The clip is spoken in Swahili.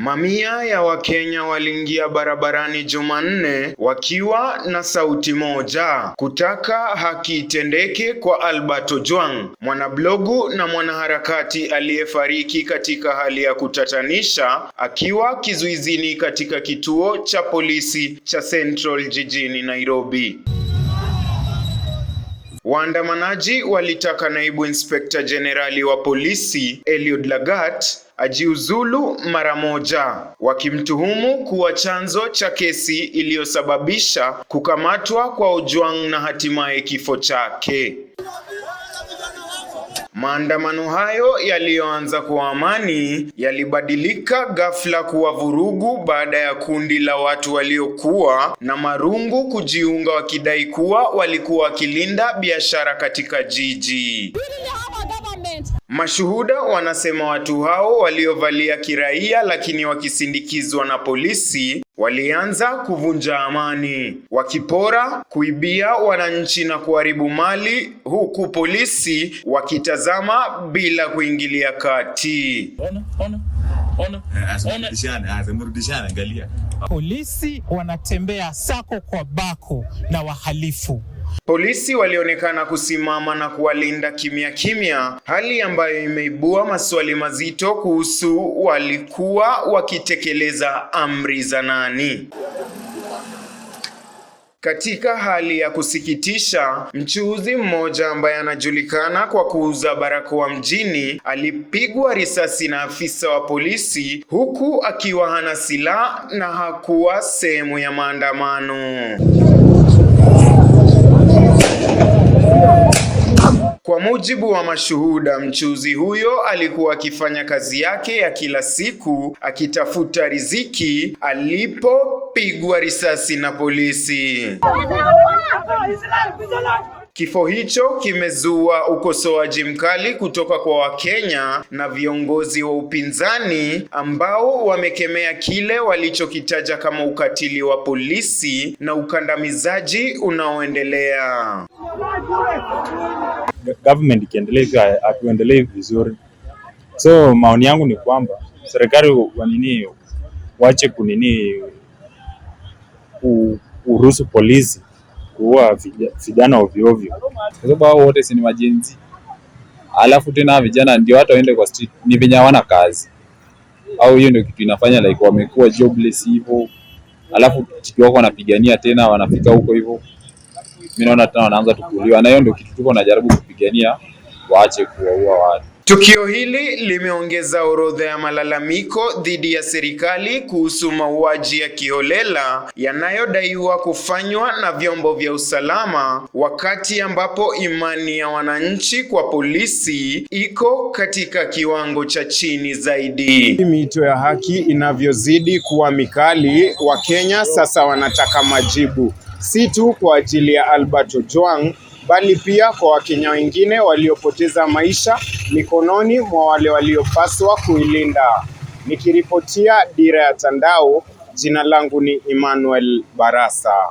Mamia ya Wakenya waliingia barabarani Jumanne wakiwa na sauti moja kutaka haki itendeke kwa Albert Ojwang, mwanablogu na mwanaharakati aliyefariki katika hali ya kutatanisha akiwa kizuizini katika kituo cha polisi cha Central jijini Nairobi. Waandamanaji walitaka naibu inspekta jenerali wa polisi Eliud Lagat ajiuzulu mara moja, wakimtuhumu kuwa chanzo cha kesi iliyosababisha kukamatwa kwa Ojwang na hatimaye kifo chake. Maandamano hayo yaliyoanza kwa amani yalibadilika ghafla kuwa vurugu baada ya kundi la watu waliokuwa na marungu kujiunga wakidai kuwa walikuwa wakilinda biashara katika jiji. Mashuhuda wanasema watu hao waliovalia kiraia lakini wakisindikizwa na polisi walianza kuvunja amani, wakipora, kuibia wananchi na kuharibu mali, huku polisi wakitazama bila kuingilia kati. Polisi wanatembea sako kwa bako na wahalifu. Polisi walionekana kusimama na kuwalinda kimya kimya, hali ambayo imeibua maswali mazito kuhusu walikuwa wakitekeleza amri za nani. Katika hali ya kusikitisha, mchuuzi mmoja ambaye anajulikana kwa kuuza barakoa mjini alipigwa risasi na afisa wa polisi huku akiwa hana silaha na hakuwa sehemu ya maandamano. mujibu wa mashuhuda, mchuuzi huyo alikuwa akifanya kazi yake ya kila siku akitafuta riziki alipopigwa risasi na polisi. Kifo hicho kimezua ukosoaji mkali kutoka kwa Wakenya na viongozi wa upinzani ambao wamekemea kile walichokitaja kama ukatili wa polisi na ukandamizaji unaoendelea government ikiendelea hivyo hatuendelei vizuri. So maoni yangu ni kwamba serikali wanini wache kunini kuruhusu polisi kuua vijana ovyo ovyo, kwa sababu hao wote si ni majenzi. Alafu tena vijana ndio hata waende kwa street, ni venye hawana kazi au hiyo ndio kitu inafanya like wamekuwa jobless hivyo, alafu kitu wako wanapigania tena wanafika huko hivyo mimi naona tena wanaanza tukuliwa na hiyo ndio kitu tuko najaribu kupigania, waache kuwaua watu. Tukio hili limeongeza orodha ya malalamiko dhidi ya serikali kuhusu mauaji ya kiholela yanayodaiwa kufanywa na vyombo vya usalama, wakati ambapo imani ya wananchi kwa polisi iko katika kiwango cha chini zaidi. Miito ya haki inavyozidi kuwa mikali, Wakenya sasa wanataka majibu si tu kwa ajili ya Albert Ojwang bali pia kwa Wakenya wengine waliopoteza maisha mikononi mwa wale waliopaswa kuilinda. Nikiripotia Dira ya Tandao, jina langu ni Emmanuel Barasa.